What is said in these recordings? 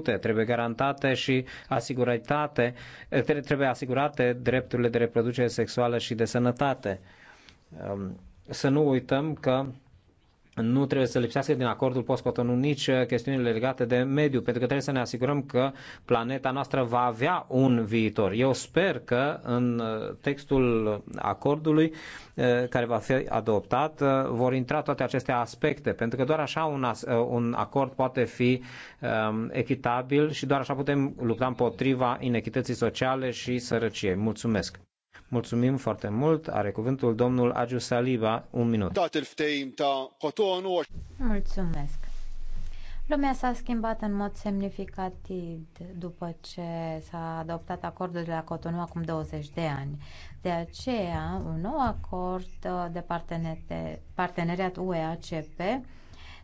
trebuie garantate și asigurate, trebuie asigurate drepturile de reproducere sexuală și de sănătate. Um, să nu uităm că nu trebuie să lipsească din acordul post-Cotonou nici uh, chestiunile legate de mediu, pentru că trebuie să ne asigurăm că planeta noastră va avea un viitor. Eu sper că în uh, textul acordului uh, care va fi adoptat vor intra toate aceste aspecte, pentru că doar așa un, un acord poate fi um, echitabil și doar așa putem lupta împotriva inechității sociale și sărăciei. Mulțumesc! Mulțumim foarte mult. Are cuvântul domnul Agiu Saliba, un minut. Mulțumesc. Lumea s-a schimbat în mod semnificativ după ce s-a adoptat acordul de la Cotonou acum 20 de ani. De aceea, un nou acord uh, de parteneriat UE-ACP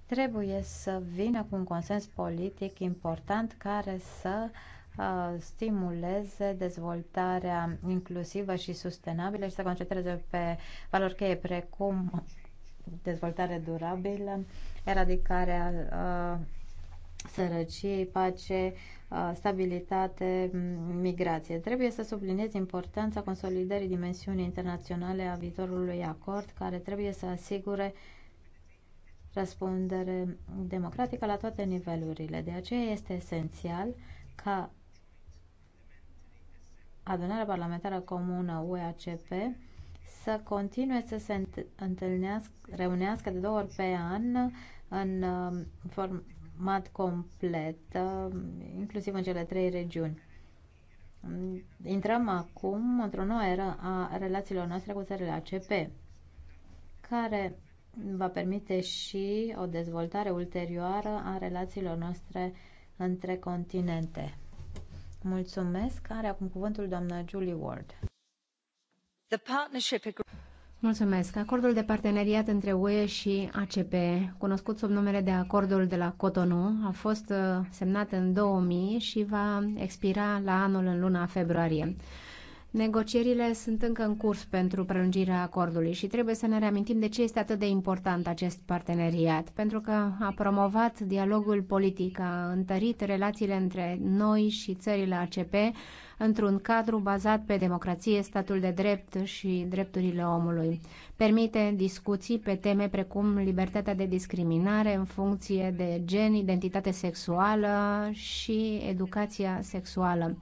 trebuie să vină cu un consens politic important care să uh, Uh, stimuleze dezvoltarea inclusivă și sustenabilă și să concentreze pe valori cheie precum dezvoltare durabilă, eradicarea uh, sărăciei, pace, uh, stabilitate, mm, migrație. Trebuie să subliniez importanța consolidării dimensiunii internaționale a viitorului acord, care trebuie să asigure răspundere democratică la toate nivelurile. De aceea este esențial ca adunarea parlamentară comună ue-acp să continue să se întâlnească, reunească de două ori pe an în um, format complet, um, inclusiv în cele trei regiuni. Intrăm acum într-o nouă eră a relațiilor noastre cu țările ACP, care va permite și o dezvoltare ulterioară a relațiilor noastre între continente. Mulțumesc. Are acum cuvântul doamna Julie Ward. The partnership Mulțumesc. Acordul de parteneriat între UE și ACP, cunoscut sub numele de Acordul de la Cotonou, a fost uh, semnat în 2000 și va expira la anul în luna februarie. Negocierile sunt încă în curs pentru prelungirea acordului și trebuie să ne reamintim de ce este atât de important acest parteneriat, pentru că a promovat dialogul politic, a întărit relațiile între noi și țările ACP într-un cadru bazat pe democrație, statul de drept și drepturile omului. Permite discuții pe teme precum libertatea de discriminare în funcție de gen, identitate sexuală și educația sexuală.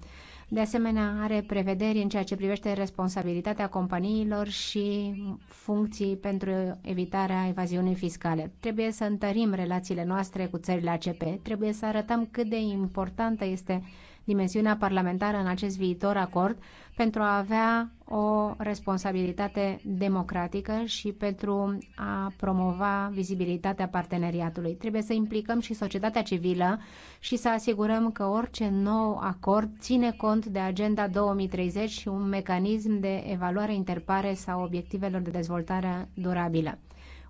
De asemenea, are prevederi în ceea ce privește responsabilitatea companiilor și funcții pentru evitarea evaziunii fiscale. Trebuie să întărim relațiile noastre cu țările ACP, trebuie să arătăm cât de importantă este dimensiunea parlamentară în acest viitor acord pentru a avea o responsabilitate democratică și pentru a promova vizibilitatea parteneriatului. Trebuie să implicăm și societatea civilă și să asigurăm că orice nou acord ține cont de Agenda 2030 și un mecanism de evaluare interpare sau obiectivelor de dezvoltare durabilă.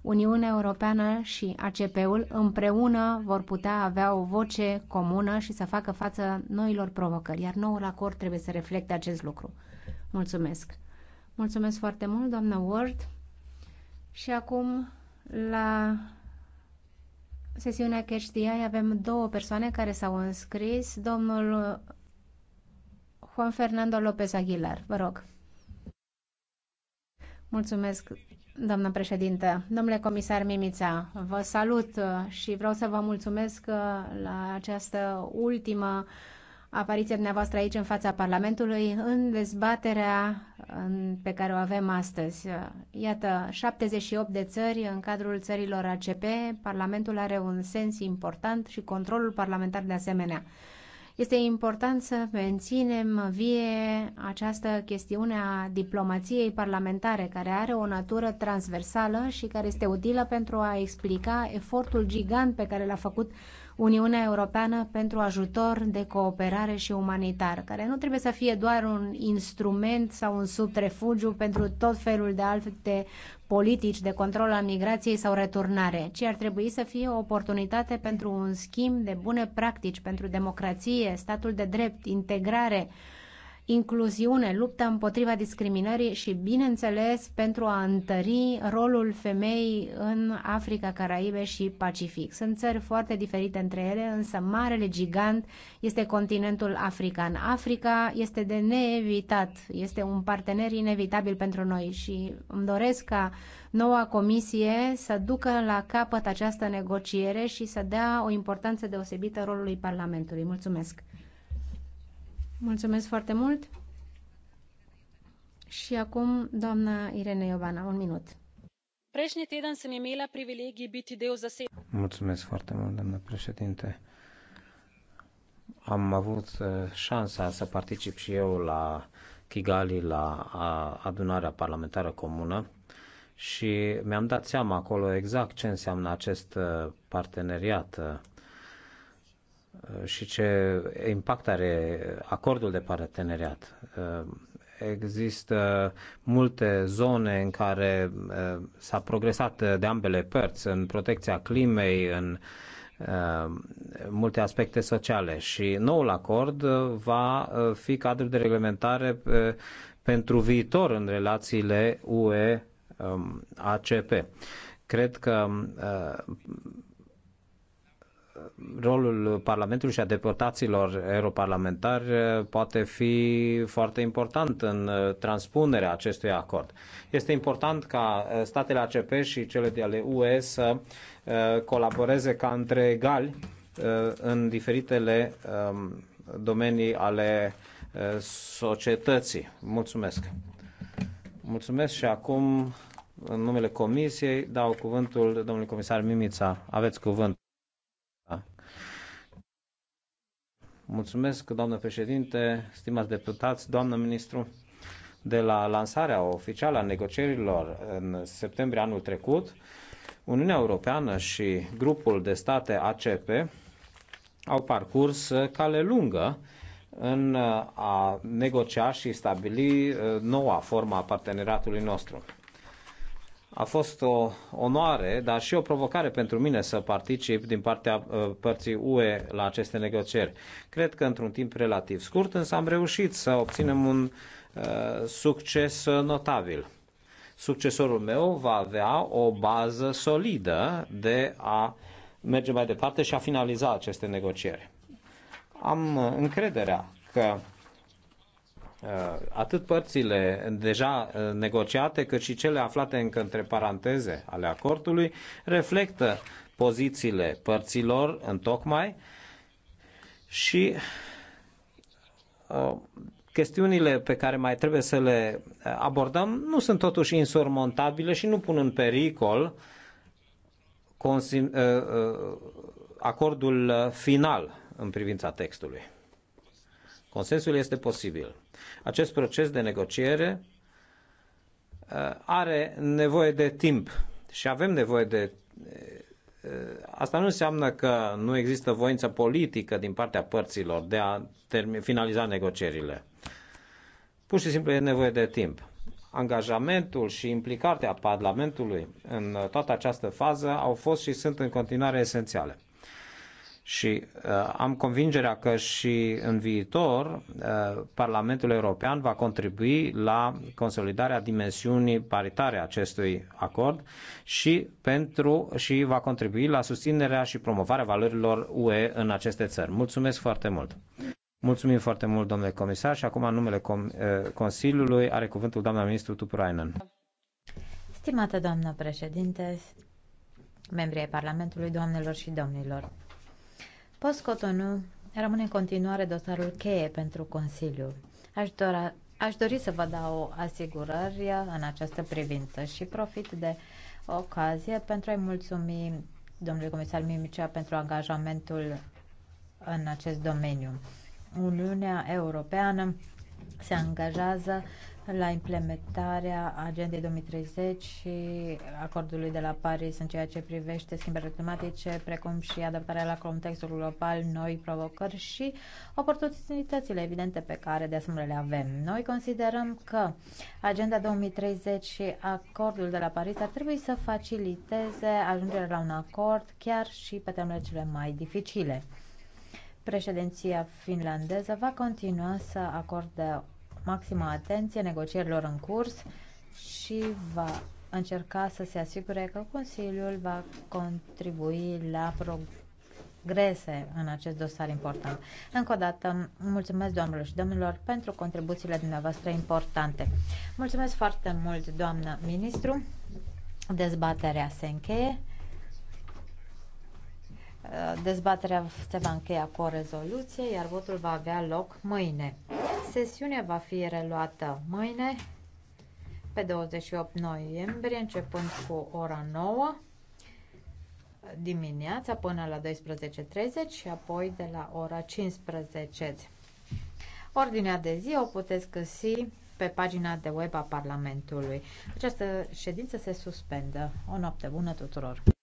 Uniunea Europeană și ACP-ul împreună vor putea avea o voce comună și să facă față noilor provocări, iar noul acord trebuie să reflecte acest lucru. Mulțumesc! Mulțumesc foarte mult, doamna Ward! Și acum, la sesiunea Catch the Eye, avem două persoane care s-au înscris. Domnul Juan Fernando López Aguilar, vă rog. Mulțumesc, doamnă președintă. Domnule comisar Mimița, vă salut și vreau să vă mulțumesc la această ultimă apariție dumneavoastră aici în fața Parlamentului în dezbaterea în, pe care o avem astăzi. Iată, 78 de țări în cadrul țărilor ACP, Parlamentul are un sens important și controlul parlamentar de asemenea. Este important să menținem vie această chestiune a diplomației parlamentare, care are o natură transversală și care este utilă pentru a explica efortul gigant pe care l-a făcut Uniunea Europeană pentru ajutor de cooperare și umanitar, care nu trebuie să fie doar un instrument sau un subterfugiu pentru tot felul de alte politici de control al migrației sau returnare, ci ar trebui să fie o oportunitate pentru un schimb de bune practici, pentru democrație, statul de drept, integrare, incluziune, lupta împotriva discriminării și, bineînțeles, pentru a întări rolul femeii în Africa, Caraibe și Pacific. Sunt țări foarte diferite între ele, însă marele gigant este continentul african. Africa este de neevitat, este un partener inevitabil pentru noi și îmi doresc ca noua comisie să ducă la capăt această negociere și să dea o importanță deosebită rolului Parlamentului. Mulțumesc! Mulțumesc foarte mult. Și acum, doamna Irene Iovana, un minut. Prejšnji teden sem imela privilegii biti del zase... Mulțumesc foarte mult, doamnă președinte. Am avut uh, șansa să particip și eu la Kigali, la adunarea parlamentară comună și mi-am dat seama acolo exact ce înseamnă acest uh, parteneriat uh, Uh, și ce impact are acordul de parteneriat. Uh, există multe zone în care uh, s-a progresat de ambele părți în protecția climei, în multe aspecte sociale și noul acord va fi cadrul de reglementare pentru viitor în relațiile UE-ACP. Um, Cred că rolul Parlamentului și a deputaților europarlamentari eh, poate fi foarte important în eh, transpunerea acestui acord. Este important ca eh, statele ACP și cele de ale UE să colaboreze ca între egali în diferitele ehm, domenii ale societății. Mulțumesc! Mulțumesc și acum, în numele Comisiei, dau cuvântul domnului comisar Mimița. Aveți cuvânt. Mulțumesc, doamnă președinte, stimați deputați, doamnă ministru. De la lansarea oficială a negocierilor în septembrie anul trecut, Uniunea Europeană și grupul de state ACP au parcurs cale lungă în a negocia și stabili uh, noua formă a parteneriatului nostru. A fost o onoare, dar și o provocare pentru mine să particip din partea ă, părții UE la aceste negocieri. Cred că într-un timp relativ scurt, însă am reușit să obținem un uh, succes notabil. Succesorul meu va avea o bază solidă de a merge mai departe și a finaliza aceste negocieri. Am ă, încrederea că Uh, atât părțile deja uh, negociate, cât și cele aflate încă între paranteze ale acordului, reflectă pozițiile părților în tocmai și uh, chestiunile pe care mai trebuie să le abordăm nu sunt totuși insurmontabile și nu pun în pericol acordul final în privința textului. Consensul este posibil. Acest proces de negociere uh, are nevoie de timp și avem nevoie de. Uh, asta nu înseamnă că nu există voință politică din partea părților de a finaliza negocierile. Pur și simplu e nevoie de timp. Angajamentul și implicarea Parlamentului în toată această fază au fost și sunt în continuare esențiale. Și uh, am convingerea că și în viitor uh, Parlamentul European va contribui la consolidarea dimensiunii paritare a acestui acord și, pentru, și va contribui la susținerea și promovarea valorilor UE în aceste țări. Mulțumesc foarte mult! Mulțumim foarte mult, domnule comisar, și acum în numele Com- uh, Consiliului are cuvântul doamna ministru Tupurainen. Stimată doamnă președinte, membrii Parlamentului, doamnelor și domnilor, Post-Cotonou rămâne în continuare dosarul cheie pentru Consiliu. Aș, dora, aș dori să vă dau asigurări în această privință și profit de ocazie pentru a-i mulțumi domnului comisar Mimicea pentru angajamentul în acest domeniu. Uniunea Europeană se angajează la implementarea agendei 2030 și acordului de la Paris în ceea ce privește schimbările climatice, precum și adaptarea la contextul global, noi provocări și oportunitățile evidente pe care de asemenea le avem. Noi considerăm că agenda 2030 și acordul de la Paris ar trebui să faciliteze ajungerea la un acord chiar și pe temele cele mai dificile. Președinția finlandeză va continua să acorde maximă atenție negocierilor în curs și va încerca să se asigure că Consiliul va contribui la progrese în acest dosar important. Încă o dată, mulțumesc doamnelor și domnilor pentru contribuțiile dumneavoastră importante. Mulțumesc foarte mult, doamnă ministru. Dezbaterea se încheie. Dezbaterea se va încheia cu o rezoluție, iar votul va avea loc mâine. Sesiunea va fi reluată mâine, pe 28 noiembrie, începând cu ora 9 dimineața până la 12.30 și apoi de la ora 15. Ordinea de zi o puteți găsi pe pagina de web a Parlamentului. Această ședință se suspendă. O noapte bună tuturor!